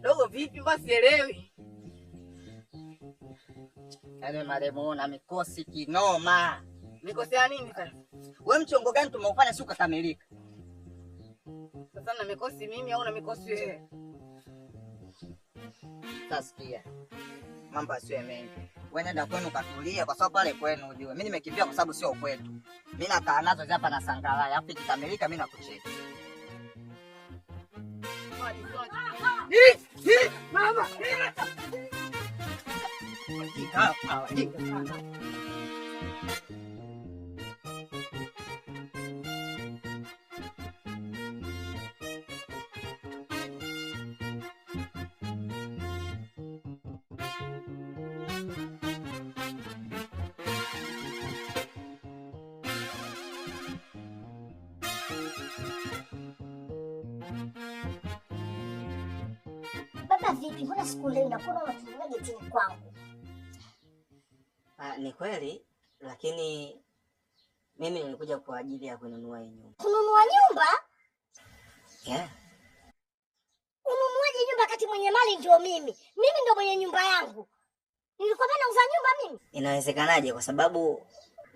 dogo vipi? Mbona sielewi. Yaani maremo na mikosi kinoma. Mikosea nini sasa? Wewe mchongo gani tumeufanya si ukakamilika? Sasa na mikosi mimi au na mikosi wewe? Tasikia mambo sio mengi wewe nenda kwenu katulia, kwa sababu pale kwenu ujue mimi nimekimbia kwa sababu sio kwetu. Mimi nakaa nazo hapa na sangalai, afu ikikamilika mimi nakucheki. Mama Mbona vipi? Mbona sikulei? Unakuwa unatulia getini kwangu. Ah, ni kweli lakini mimi nilikuja kwa ajili ya kununua hii nyumba. Kununua nyumba? Yeah. Ununuaje nyumba kati mwenye mali ndio mimi? Mimi ndio mwenye nyumba yangu. Nilikuwa nauza nyumba mimi. Inawezekanaje? Kwa sababu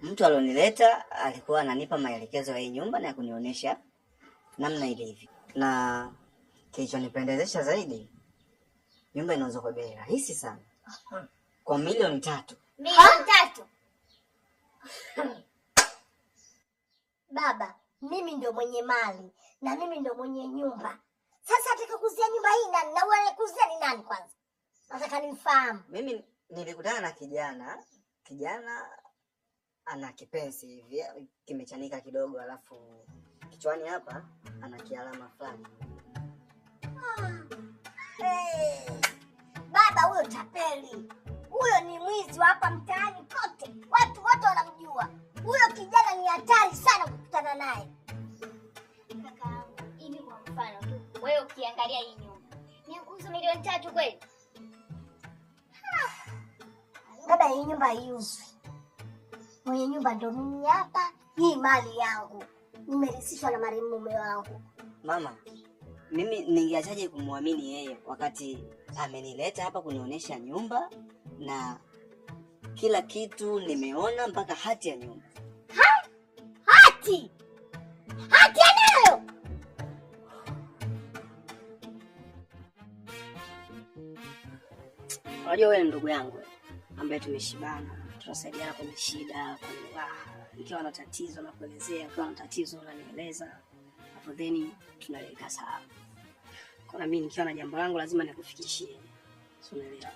mtu alionileta alikuwa ananipa maelekezo ya hii nyumba na kunionyesha namna ilivyo, na kilichonipendezesha zaidi nyumba inaweza kwa bei rahisi sana kwa milioni tatu. Milioni tatu? Baba, mimi ndio mwenye mali na mimi ndio mwenye nyumba. Sasa atakakuzia nyumba hii nani? Na kuzia ni nani? Kwanza nataka nimfahamu. Mimi nilikutana na kijana, kijana ana kipenzi hivi kimechanika kidogo, alafu kichwani hapa ana kialama fulani tapeli, huyo ni mwizi wa hapa mtaani kote, watu wote wanamjua huyo kijana. Ni hatari sana kukutana naye. Kaka, hivi kwa mfano tu, wewe ukiangalia hii nyumba ni nguzo milioni tatu kweli? Baba, ah, hii nyumba iuzwe, mwenye nyumba ndo mimi hapa. Hii mali yangu, nimerisishwa na marehemu mume wangu. Mama, mimi ningeachaje kumwamini yeye wakati amenileta hapa kunionyesha nyumba na kila kitu nimeona, mpaka hati ya nyumba ha? hati hati anayo. Unajua wewe ndugu yangu ambaye tumeshibana, tunasaidiana kwenye shida, kwenye raha. Nikiwa na tatizo nakuelezea, ukiwa na tatizo unanieleza, afu theni tunaweka sawa kwa na mimi nikiwa na jambo langu lazima nikufikishie. unaelewa?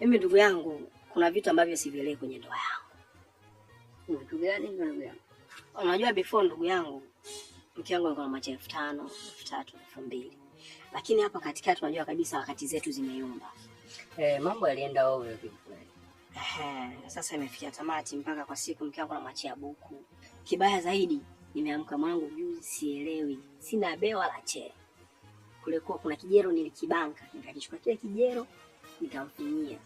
Mimi ndugu yangu, kuna vitu ambavyo sivielewi kwenye ndoa yangu. Ndugu gani ndugu yangu? Unajua before ndugu yangu mke wangu alikuwa na macho elfu tano, elfu tatu, elfu mbili. Lakini hapa katikati unajua kabisa wakati zetu zimeyumba. Eh, mambo yalienda ovyo kiukweli. Eh, sasa imefikia tamati mpaka kwa siku mke wangu anamwachia buku. Kibaya zaidi nimeamka mwangu juzi sielewi. Sina bewa la chee kulikuwa kuna kijero nilikibanga, nikakichukua kile kijero nikamfinyia